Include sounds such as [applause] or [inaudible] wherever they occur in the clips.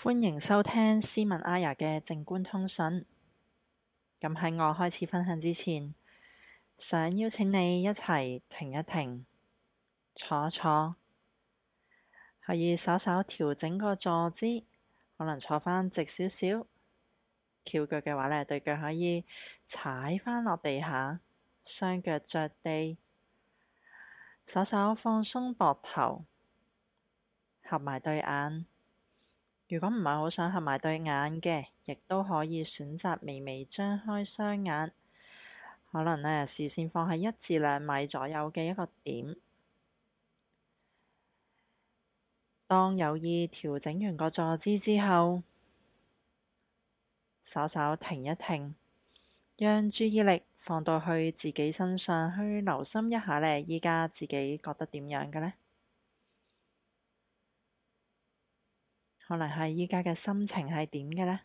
歡迎收聽斯文阿雅嘅靜觀通訊。咁喺我開始分享之前，想邀請你一齊停一停，坐一坐，可以稍稍調整個坐姿，可能坐翻直少少。翹腳嘅話咧，對腳可以踩翻落地下，雙腳着地，稍稍放鬆膊頭，合埋對眼。如果唔係好想合埋對眼嘅，亦都可以選擇微微張開雙眼，可能呢視線放喺一至兩米左右嘅一個點。當有意調整完個坐姿之後，稍稍停一停，讓注意力放到去自己身上，去留心一下呢，依家自己覺得點樣嘅呢？可能係而家嘅心情係點嘅咧？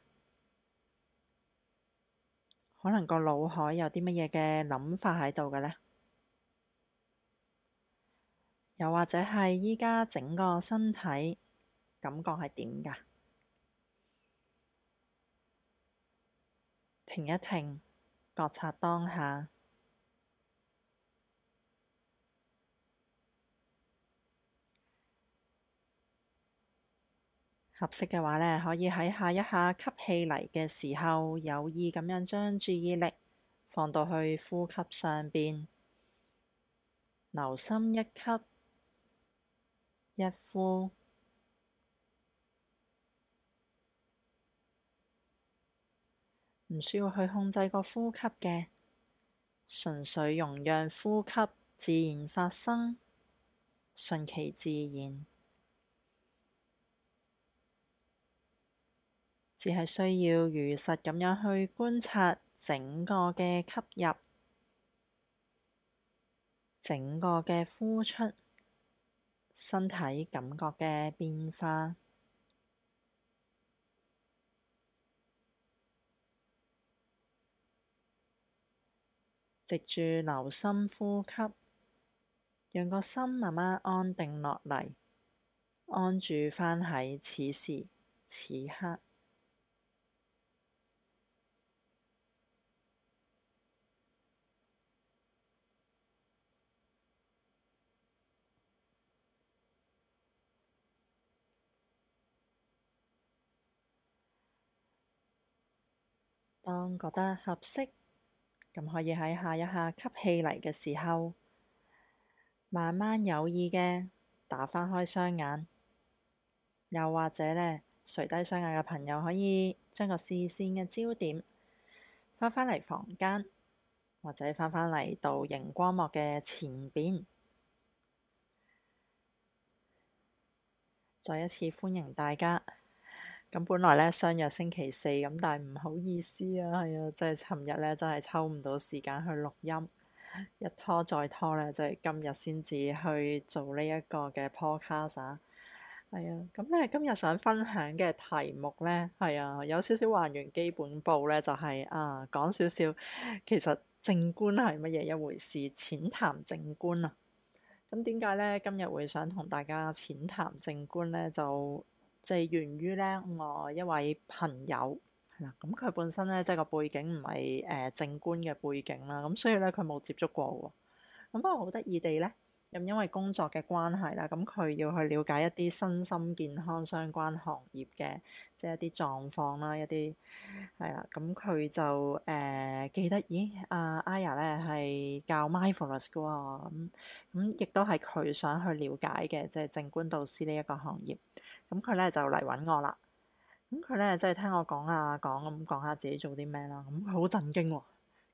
可能個腦海有啲乜嘢嘅諗法喺度嘅咧？又或者係而家整個身體感覺係點㗎？停一停，覺察當下。合適嘅話呢，可以喺下一下吸氣嚟嘅時候，有意咁樣將注意力放到去呼吸上邊，留心一吸一呼，唔需要去控制個呼吸嘅，純粹容讓呼吸自然發生，順其自然。只係需要如實咁樣去觀察整個嘅吸入、整個嘅呼出、身體感覺嘅變化，藉住留心呼吸，讓個心慢慢安定落嚟，安住翻喺此時此刻。當覺得合適，咁可以喺下一下吸氣嚟嘅時候，慢慢有意嘅打翻開雙眼。又或者呢，垂低雙眼嘅朋友可以將個視線嘅焦點翻返嚟房間，或者返返嚟到熒光幕嘅前邊。再一次歡迎大家。咁本來咧相約星期四咁，但係唔好意思啊，係啊，即係尋日咧真係抽唔到時間去錄音，一拖再拖咧，就係、是、今日先至去做呢一個嘅 podcast。係啊，咁咧、啊、今日想分享嘅題目咧，係啊有少少還原基本步咧，就係、是、啊講少少，其實靜觀係乜嘢一回事？淺談靜觀啊，咁點解咧今日會想同大家淺談靜觀咧就？就係源於咧，我一位朋友係啦，咁佢本身咧即係個背景唔係誒靜觀嘅背景啦，咁所以咧佢冇接觸過喎。咁不過好得意地咧，咁因為工作嘅關係啦，咁佢要去了解一啲身心健康相關行業嘅即係一啲狀況啦，一啲係啦。咁佢就誒、呃、記得咦，阿 Aya 咧係教 Mindfulness 喎，咁咁亦都係佢想去了解嘅，即係靜觀導師呢一個行業。咁佢咧就嚟揾我啦，咁佢咧即係聽我講啊講咁講下自己做啲咩啦，咁佢好震驚喎，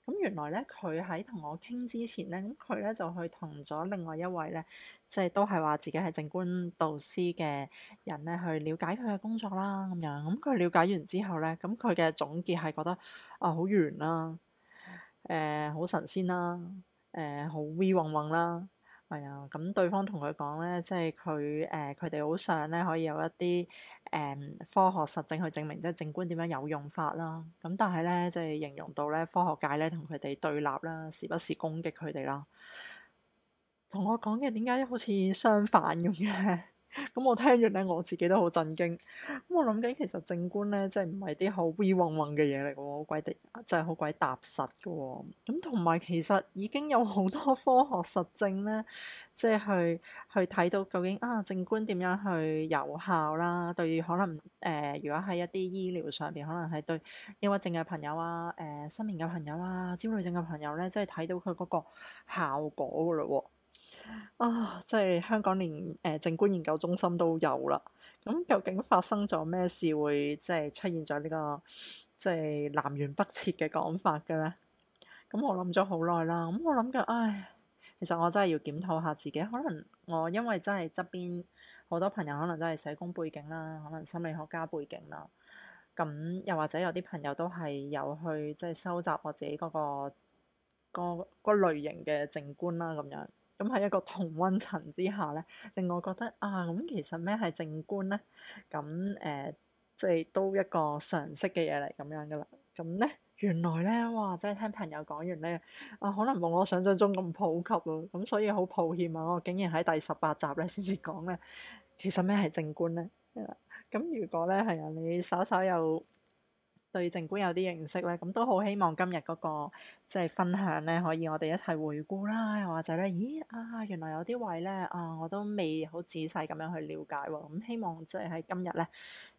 咁原來咧佢喺同我傾之前咧，咁佢咧就去同咗另外一位咧，即係都係話自己係靜觀導師嘅人咧去了解佢嘅工作啦，咁樣，咁佢了解完之後咧，咁佢嘅總結係覺得啊好圓啦，誒好神仙啦，誒好威宏宏啦。係啊，咁、哎、對方同佢講咧，即係佢誒佢哋好想咧可以有一啲誒、呃、科學實證去證明即係靜觀點樣有用法啦。咁但係咧，即係形容到咧科學界咧同佢哋對立啦，時不時攻擊佢哋啦。同我講嘅點解好似相反咁嘅？ [laughs] 咁、嗯、我聽完咧，我自己都好震驚。咁、嗯、我諗緊，其實靜觀咧，即係唔係啲好烏雲雲嘅嘢嚟嘅，好鬼的，的，就係好鬼踏實嘅。咁同埋，其實已經有好多科學實證咧，即係去睇到究竟啊，靜觀點樣去有效啦。對，可能誒、呃，如果喺一啲醫療上邊，可能係對抑鬱症嘅朋友啊，誒、呃，失眠嘅朋友啊，焦慮症嘅朋友咧，即係睇到佢嗰個效果噶啦。啊、哦，即係香港連誒、呃、靜觀研究中心都有啦。咁、嗯、究竟發生咗咩事會即係出現咗、這個、呢個即係南轅北轍嘅講法嘅咧？咁、嗯、我諗咗好耐啦。咁、嗯、我諗緊，唉，其實我真係要檢討下自己。可能我因為真係側邊好多朋友，可能真係社工背景啦，可能心理學家背景啦，咁、嗯、又或者有啲朋友都係有去即係收集我自己嗰、那個個類型嘅靜觀啦，咁樣。咁喺一個同溫層之下咧，令我覺得啊，咁其實咩係靜觀咧？咁誒、呃，即係都一個常識嘅嘢嚟咁樣噶啦。咁咧，原來咧，哇！真係聽朋友講完咧，啊，可能冇我想像中咁普及咯。咁所以好抱歉啊，我竟然喺第十八集咧先至講咧，其實咩係靜觀咧？咁如果咧係啊，你稍稍又～對靜觀有啲認識咧，咁都好希望今日嗰個即係分享咧，可以我哋一齊回顧啦。又或者咧，咦啊，原來有啲位咧啊，我都未好仔細咁樣去了解。咁希望即係喺今日咧，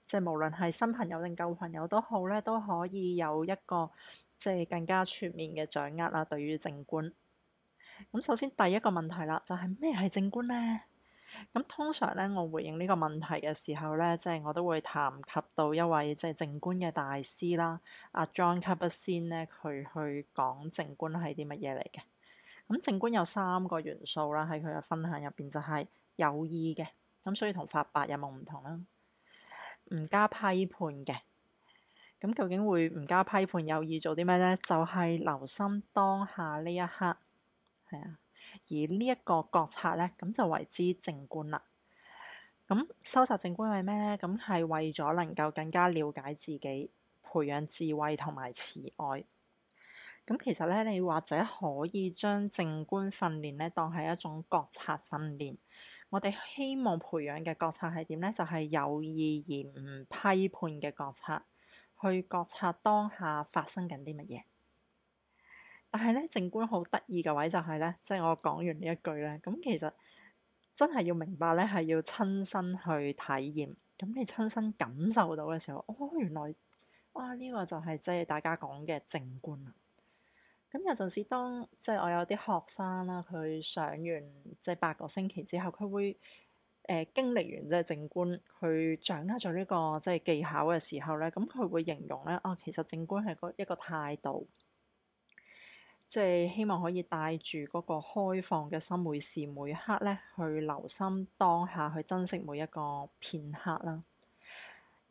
即係無論係新朋友定舊朋友都好咧，都可以有一個即係更加全面嘅掌握啦。對於靜觀，咁首先第一個問題啦，就係咩係靜觀咧？咁通常咧，我回應呢個問題嘅時候咧，即係我都會談及到一位即係靜觀嘅大師啦。阿 John Kabat-Zinn 咧，佢去講靜觀係啲乜嘢嚟嘅。咁靜觀有三個元素啦，喺佢嘅分享入邊就係有意嘅，咁所以法同發白有冇唔同啦？唔加批判嘅，咁究竟會唔加批判有意做啲咩咧？就係、是、留心當下呢一刻，係啊。而國策呢一個覺察咧，咁就為之靜觀啦。咁修習靜觀為咩呢？咁係為咗能夠更加了解自己，培養智慧同埋慈愛。咁其實呢，你或者可以將靜觀訓練呢當係一種覺察訓練。我哋希望培養嘅覺察係點呢？就係、是、有意而唔批判嘅覺察。去覺察當下發生緊啲乜嘢。但係咧，靜觀好得意嘅位就係咧，即係我講完呢一句咧，咁其實真係要明白咧，係要親身去體驗。咁你親身感受到嘅時候，哦，原來哇呢個就係即係大家講嘅靜觀啦。咁有陣時，當即係我有啲學生啦，佢上完即係八個星期之後，佢會誒、呃、經歷完即係靜觀，佢掌握咗呢個即係技巧嘅時候咧，咁佢會形容咧，哦、啊，其實靜觀係一個態度。即係希望可以帶住嗰個開放嘅心，每時每刻咧去留心當下，去珍惜每一個片刻啦。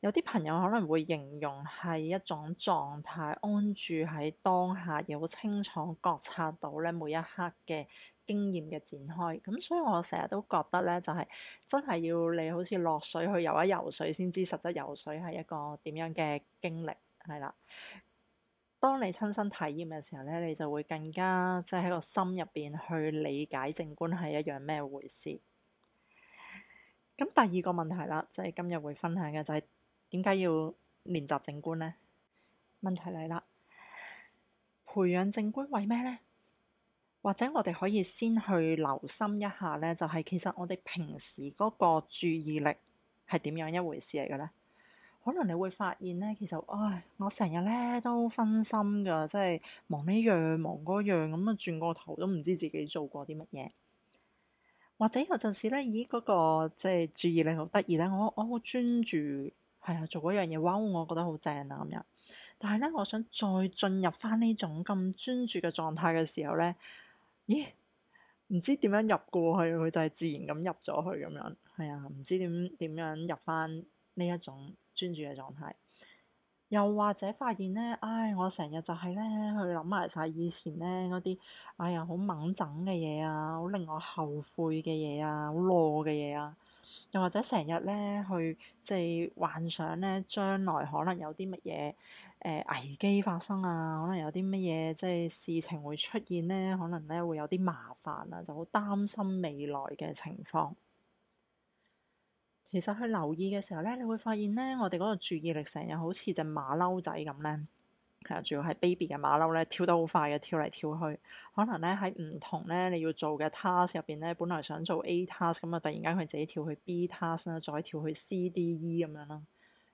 有啲朋友可能會形容係一種狀態，安住喺當下，又好清楚覺察到咧每一刻嘅經驗嘅展開。咁所以我成日都覺得咧，就係、是、真係要你好似落水去遊一游水，先知實質游水係一個點樣嘅經歷，係啦。當你親身體驗嘅時候咧，你就會更加即係喺個心入邊去理解靜觀係一樣咩回事。咁第二個問題啦，即係今日會分享嘅就係點解要練習靜觀呢？問題嚟啦，培養靜觀為咩呢？或者我哋可以先去留心一下呢，就係其實我哋平時嗰個注意力係點樣一回事嚟嘅呢？可能你會發現咧，其實唉，我成日咧都分心噶，即係忙呢樣忙嗰樣，咁啊轉個頭都唔知自己做過啲乜嘢。或者有陣時咧，咦嗰個即係注意力好得意咧，我我好專注，係啊，做嗰樣嘢，哇，我覺得好正啊咁樣。但係咧，我想再進入翻呢種咁專注嘅狀態嘅時候咧，咦，唔知點樣入過去，佢就係自然咁入咗去咁樣，係啊，唔知點點樣入翻呢一種。專注嘅狀態，又或者發現咧，唉，我成日就係咧去諗埋晒以前咧嗰啲，哎呀，好掹整嘅嘢啊，好令我後悔嘅嘢啊，好攞嘅嘢啊，又或者成日咧去即係、就是、幻想咧，將來可能有啲乜嘢誒危機發生啊，可能有啲乜嘢即係事情會出現咧，可能咧會有啲麻煩啊，就好擔心未來嘅情況。其實去留意嘅時候咧，你會發現咧，我哋嗰個注意力成日好似隻馬騮仔咁咧，啊，仲要係 baby 嘅馬騮咧，跳得好快嘅，跳嚟跳去，可能咧喺唔同咧你要做嘅 task 入邊咧，本來想做 A task，咁啊突然間佢自己跳去 B task 啦，再跳去 C、D、E 咁樣啦，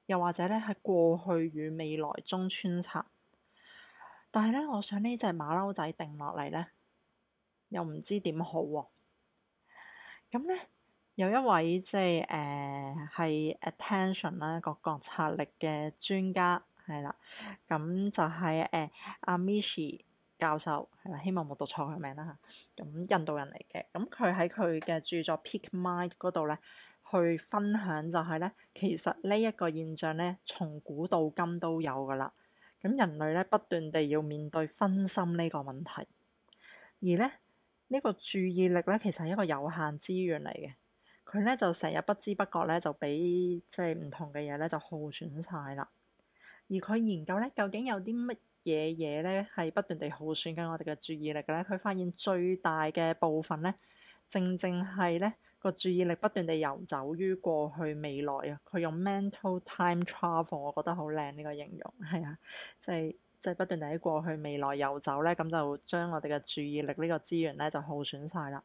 又或者咧喺過去與未來中穿插，但係咧，我想呢隻馬騮仔定落嚟咧，又唔知點好喎，啊，咁咧。有一位即係誒係 attention 啦個覺察力嘅專家係啦，咁就係誒 Amishi 教授係啦，希望冇讀錯佢名啦吓。咁印度人嚟嘅，咁佢喺佢嘅著作《Peak Mind》嗰度咧去分享就係咧，其實呢一個現象咧從古到今都有噶啦。咁人類咧不斷地要面對分心呢個問題，而咧呢，呢個注意力咧其實係一個有限資源嚟嘅。佢咧就成日不知不覺咧就俾即係唔同嘅嘢咧就耗損晒啦。而佢研究咧究竟有啲乜嘢嘢咧係不斷地耗損緊我哋嘅注意力嘅咧，佢發現最大嘅部分咧，正正係咧個注意力不斷地遊走於過去未來啊。佢用 mental time travel，我覺得好靚呢個形容係啊，即係即係不斷地喺過去未來遊走咧，咁就將我哋嘅注意力呢個資源咧就耗損晒啦。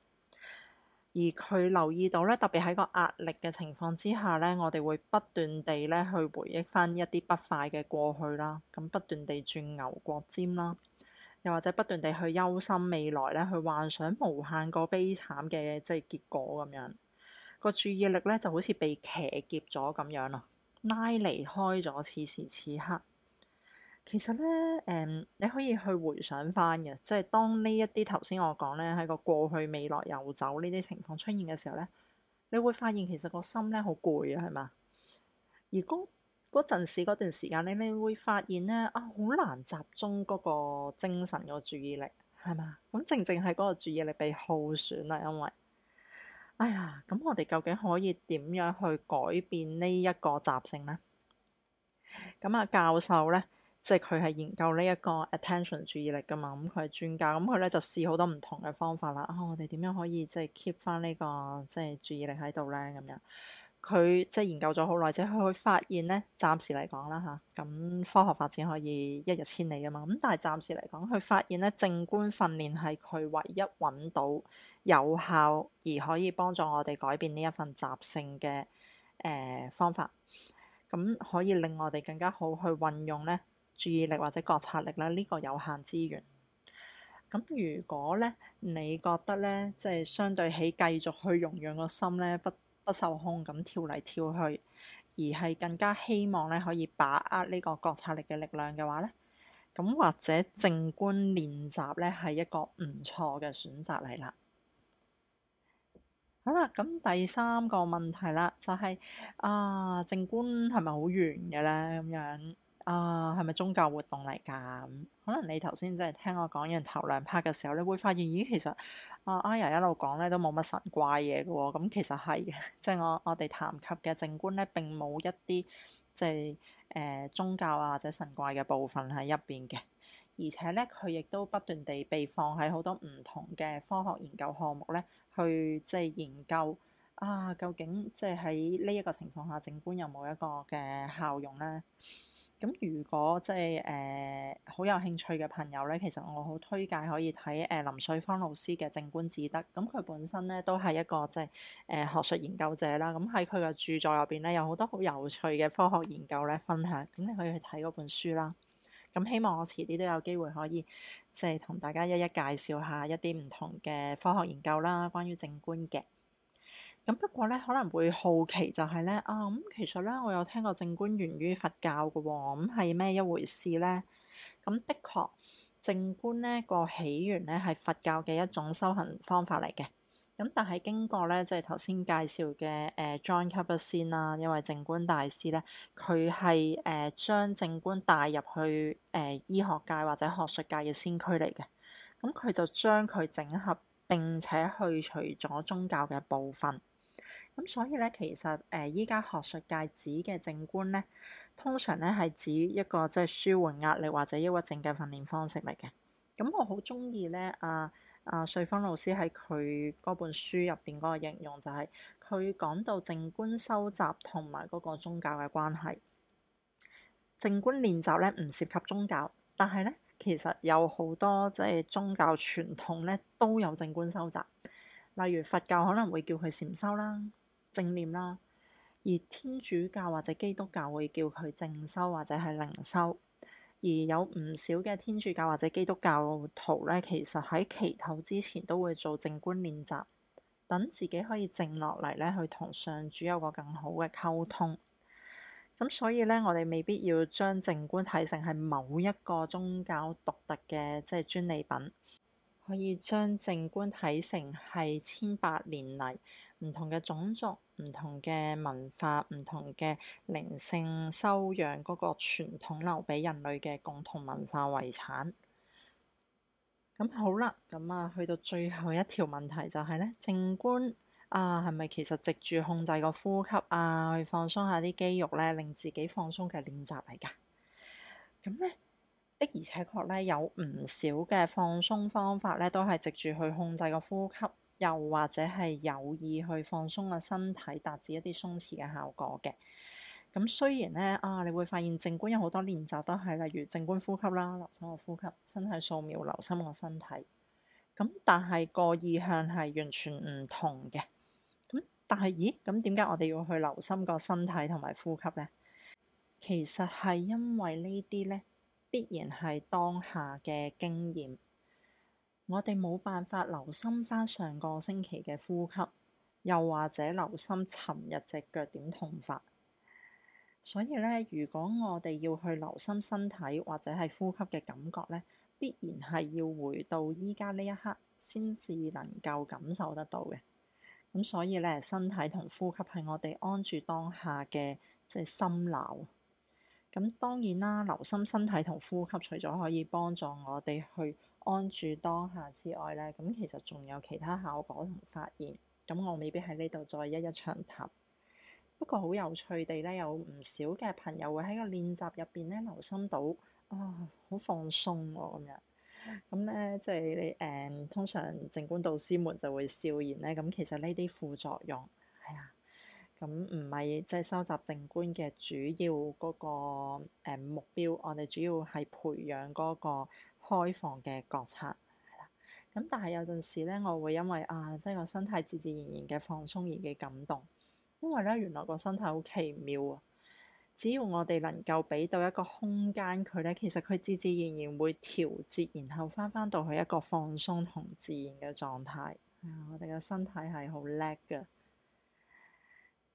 而佢留意到咧，特別喺個壓力嘅情況之下咧，我哋會不斷地咧去回憶翻一啲不快嘅過去啦，咁不斷地轉牛角尖啦，又或者不斷地去憂心未來咧，去幻想無限個悲慘嘅即係結果，咁樣個注意力咧，就好似被騎劫咗咁樣啦，拉離開咗此時此刻。其實咧，誒、嗯、你可以去回想翻嘅，即係當呢一啲頭先我講咧喺個過去、未來遊走呢啲情況出現嘅時候咧，你會發現其實個心咧好攰啊，係嘛？而嗰嗰陣時嗰段時間，你你會發現咧啊，好難集中嗰個精神個注意力，係嘛？咁正正係嗰個注意力被耗損啦，因為哎呀，咁我哋究竟可以點樣去改變呢一個習性咧？咁啊，教授咧。即係佢係研究呢一個 attention 注意力㗎嘛，咁佢係專家，咁佢咧就試好多唔同嘅方法啦。啊，我哋點樣可以即係 keep 返呢個即係注意力喺度咧？咁樣佢即係研究咗好耐，即係佢發現咧，暫時嚟講啦嚇，咁、啊、科學發展可以一日千里啊嘛。咁但係暫時嚟講，佢發現咧靜觀訓練係佢唯一揾到有效而可以幫助我哋改變呢一份習性嘅誒、呃、方法，咁、嗯、可以令我哋更加好去運用咧。注意力或者覺察力咧，呢個有限資源。咁如果咧，你覺得咧，即係相對起繼續去容讓個心咧，不不受控咁跳嚟跳去，而係更加希望咧可以把握呢個覺察力嘅力量嘅話咧，咁或者靜觀練習咧係一個唔錯嘅選擇嚟啦。好啦，咁第三個問題啦，就係啊，靜觀係咪好玄嘅咧？咁樣。啊，係咪、uh, 宗教活動嚟㗎？可能你頭先即係聽我講完頭兩 part 嘅時候，你會發現咦，其實啊，阿爺一路講咧都冇乜神怪嘢嘅喎。咁、嗯、其實係嘅，即係我我哋談及嘅靜觀咧並冇一啲即係誒、呃、宗教啊或者神怪嘅部分喺入邊嘅，而且咧佢亦都不斷地被放喺好多唔同嘅科學研究項目咧去即係研究啊，究竟即係喺呢一個情況下靜觀有冇一個嘅效用咧？咁如果即係誒好有興趣嘅朋友咧，其實我好推介可以睇誒林瑞芳老師嘅《靜觀自得》。咁佢本身咧都係一個即係誒學術研究者啦。咁喺佢嘅著作入邊咧有好多好有趣嘅科學研究咧分享。咁你可以去睇嗰本書啦。咁希望我遲啲都有機會可以即係同大家一一介紹下一啲唔同嘅科學研究啦，關於靜觀嘅。咁不過咧，可能會好奇就係咧啊咁、嗯，其實咧我有聽過靜觀源於佛教噶喎、哦，咁係咩一回事咧？咁的確靜觀呢、這個起源咧係佛教嘅一種修行方法嚟嘅。咁但係經過咧即係頭先介紹嘅誒 Jon Kabat-Zinn 啦，因為靜觀大師咧佢係誒將靜觀帶入去誒、呃、醫學界或者學術界嘅先驅嚟嘅。咁佢就將佢整合並且去除咗宗教嘅部分。咁所以咧，其實誒依家學術界指嘅靜觀咧，通常咧係指一個即係舒緩壓力或者抑鬱症嘅訓練方式嚟嘅。咁我好中意咧，阿、啊、阿、啊、瑞芬老師喺佢嗰本書入邊嗰個形容就係佢講到靜觀修習同埋嗰個宗教嘅關係。靜觀練習咧唔涉及宗教，但係咧其實有好多即係宗教傳統咧都有靜觀修習，例如佛教可能會叫佢禪修啦。正念啦，而天主教或者基督教會叫佢靜修或者係靈修，而有唔少嘅天主教或者基督教徒咧，其實喺祈禱之前都會做靜觀練習，等自己可以靜落嚟咧，去同上主有個更好嘅溝通。咁所以咧，我哋未必要將靜觀睇成係某一個宗教獨特嘅即係專利品。可以將靜觀睇成係千百年嚟唔同嘅種族、唔同嘅文化、唔同嘅靈性修養嗰個傳統留俾人類嘅共同文化遺產。咁好啦，咁啊去到最後一條問題就係呢：靜觀啊係咪其實藉住控制個呼吸啊，去放鬆下啲肌肉咧，令自己放鬆嘅練習嚟㗎？咁咧？的而且確咧，有唔少嘅放鬆方法咧，都係藉住去控制個呼吸，又或者係有意去放鬆個身體，達至一啲鬆弛嘅效果嘅。咁雖然咧啊，你會發現靜觀有好多練習都係，例如靜觀呼吸啦、留心個呼吸、身體掃描、留心個身體。咁但係個意向係完全唔同嘅。咁但係，咦？咁點解我哋要去留心個身體同埋呼吸咧？其實係因為呢啲咧，必然係當下嘅經驗，我哋冇辦法留心返上個星期嘅呼吸，又或者留心尋日隻腳點痛法。所以咧，如果我哋要去留心身體或者係呼吸嘅感覺咧，必然係要回到依家呢一刻先至能夠感受得到嘅。咁所以咧，身體同呼吸係我哋安住當下嘅即係心錨。咁當然啦，留心身體同呼吸，除咗可以幫助我哋去安住當下之外咧，咁其實仲有其他效果同發現。咁我未必喺呢度再一一詳談。不過好有趣地咧，有唔少嘅朋友會喺個練習入邊咧留心到，啊、哦，好放鬆喎咁樣。咁咧，即係你誒、嗯，通常靜觀導師們就會笑言咧，咁其實呢啲副作用。咁唔係即係修習靜觀嘅主要嗰個、呃、目標，我哋主要係培養嗰個開放嘅覺察。咁但係有陣時咧，我會因為啊，即係個身體自自然然嘅放鬆而嘅感動，因為咧原來個身體好奇妙啊！只要我哋能夠俾到一個空間佢咧，其實佢自自然然會調節，然後返返到去一個放鬆同自然嘅狀態。啊、我哋嘅身體係好叻㗎。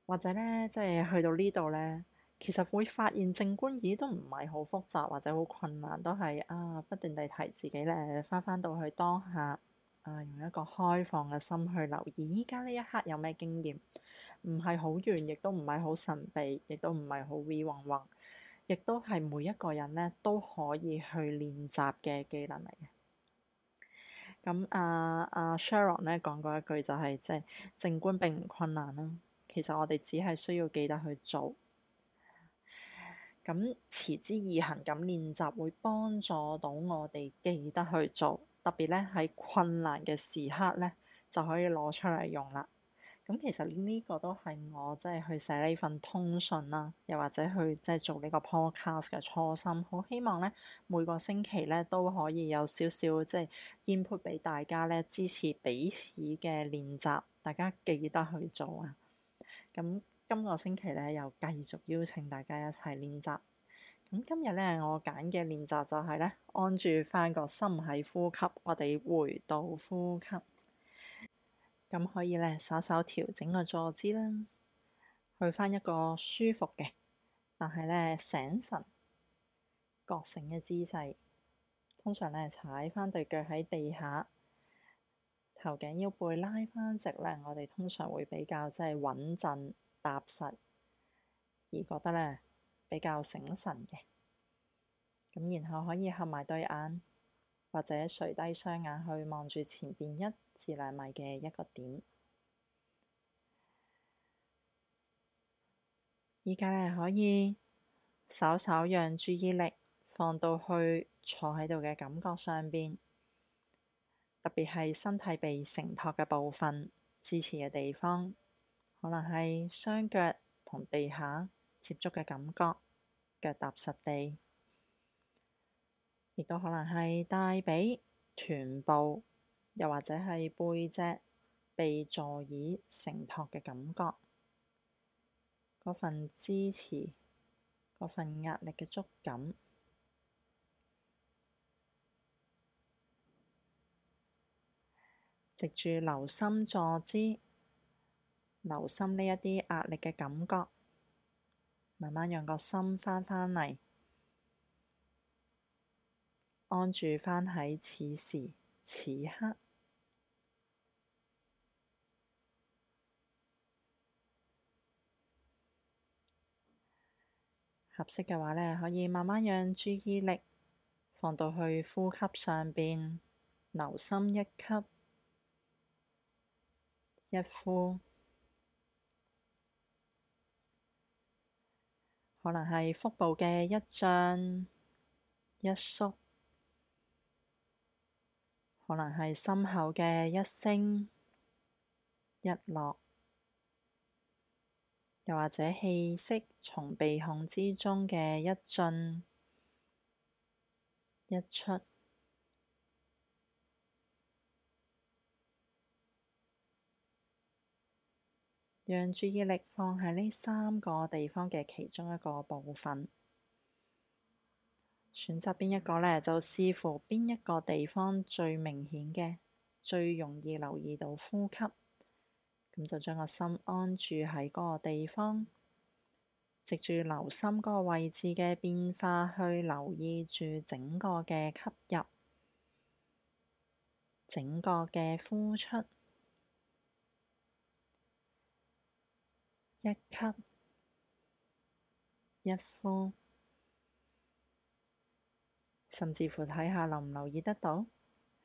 或者咧，即係去到呢度咧，其實會發現靜觀亦都唔係好複雜，或者好困難，都係啊，不斷地提自己咧，返返到去當下啊，用一個開放嘅心去留意，依家呢一刻有咩經驗，唔係好遠，亦都唔係好神秘，亦都唔係好 we 混混，亦都係每一個人咧都可以去練習嘅技能嚟嘅。咁啊啊，Sharon 咧講過一句就係，即係靜觀並唔困難啦。其實我哋只係需要記得去做，咁持之以恆咁練習會幫助到我哋記得去做。特別咧喺困難嘅時刻咧，就可以攞出嚟用啦。咁其實呢個都係我即係去寫呢份通訊啦，啊，又或者去即係做呢個 podcast 嘅初心。好希望咧每個星期咧都可以有少少即係 input 俾大家咧支持彼此嘅練習，大家記得去做啊！咁今個星期咧，又繼續邀請大家一齊練習。咁今日咧，我揀嘅練習就係咧，按住返個深喺呼吸，我哋回到呼吸。咁可以咧，稍稍調整個坐姿啦，去返一個舒服嘅，但係咧，醒神覺醒嘅姿勢。通常咧，踩返對腳喺地下。頭頸腰背拉翻直呢，我哋通常會比較即係穩陣踏實，而覺得呢比較醒神嘅。咁然後可以合埋對眼，或者垂低雙眼去望住前邊一至兩米嘅一個點。依家呢可以稍稍讓注意力放到去坐喺度嘅感覺上邊。特別係身體被承托嘅部分、支持嘅地方，可能係雙腳同地下接觸嘅感覺，腳踏實地；亦都可能係大髀、臀部，又或者係背脊被座椅承托嘅感覺，嗰份支持、嗰份壓力嘅觸感。藉住留心坐姿，留心呢一啲壓力嘅感覺，慢慢讓個心翻返嚟，安住翻喺此時此刻。合適嘅話呢可以慢慢讓注意力放到去呼吸上邊，留心一吸，一呼，可能係腹部嘅一進一縮，可能係心口嘅一升一落；又或者氣息從鼻孔之中嘅一進一出。讓注意力放喺呢三個地方嘅其中一個部分，選擇邊一個呢？就視乎邊一個地方最明顯嘅，最容易留意到呼吸，咁就將個心安住喺嗰個地方，藉住留心嗰個位置嘅變化，去留意住整個嘅吸入，整個嘅呼出。一吸，一呼，甚至乎睇下留唔留意得到，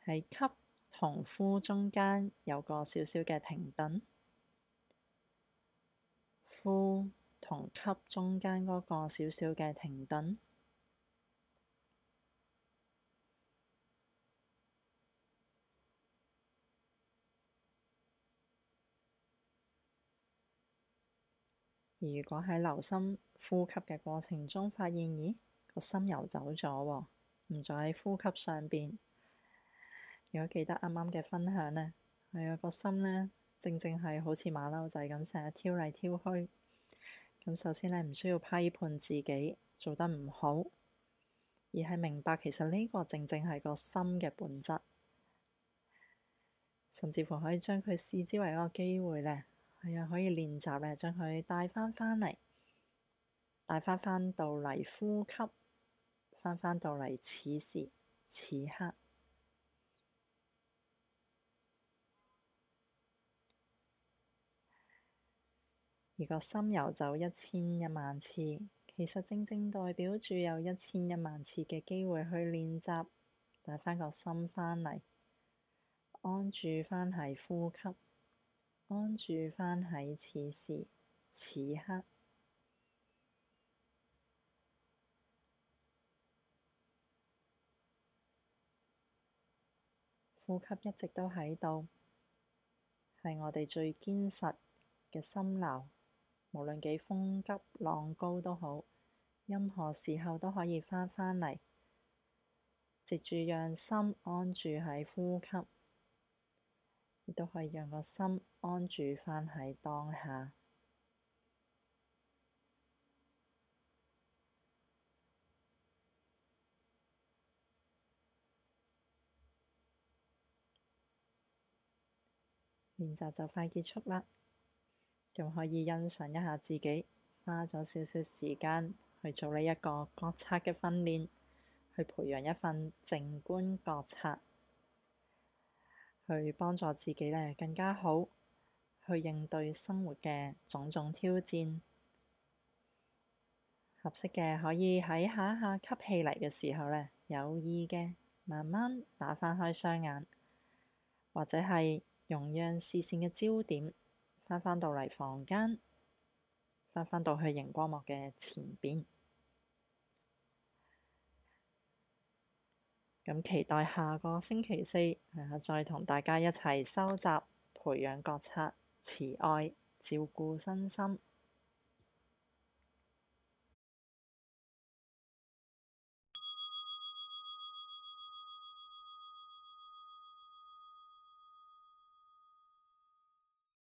喺吸同呼中間有個小小嘅停頓，呼同吸中間嗰個小小嘅停頓。如果喺留心呼吸嘅過程中，發現，咦，個心又走咗喎，唔再喺呼吸上邊。如果記得啱啱嘅分享呢，係啊，個心呢，正正係好似馬騮仔咁成日跳嚟跳去。咁首先咧，唔需要批判自己做得唔好，而係明白其實呢個正正係個心嘅本質，甚至乎可以將佢視之為一個機會呢。係啊，可以練習咧，將佢帶翻返嚟，帶翻返到嚟呼吸，翻返到嚟此時此刻。而個心游走一千一萬次，其實正正代表住有一千一萬次嘅機會去練習帶返個心返嚟，安住返喺呼吸。安住翻喺此時此刻，呼吸一直都喺度，係我哋最堅實嘅心流。無論幾風急浪高都好，任何時候都可以翻返嚟，藉住讓心安住喺呼吸。亦都可以讓個心安住翻喺當下，練習就快結束啦，仲可以欣賞一下自己花咗少少時間去做呢一個覺察嘅訓練，去培養一份靜觀覺察。去幫助自己呢，更加好去應對生活嘅種種挑戰，合適嘅可以喺下一下吸氣嚟嘅時候呢，有意嘅慢慢打翻開雙眼，或者係容讓視線嘅焦點翻返到嚟房間，翻返到去熒光幕嘅前邊。咁期待下個星期四，然後再同大家一齊收集、培養覺察、慈愛、照顧身心。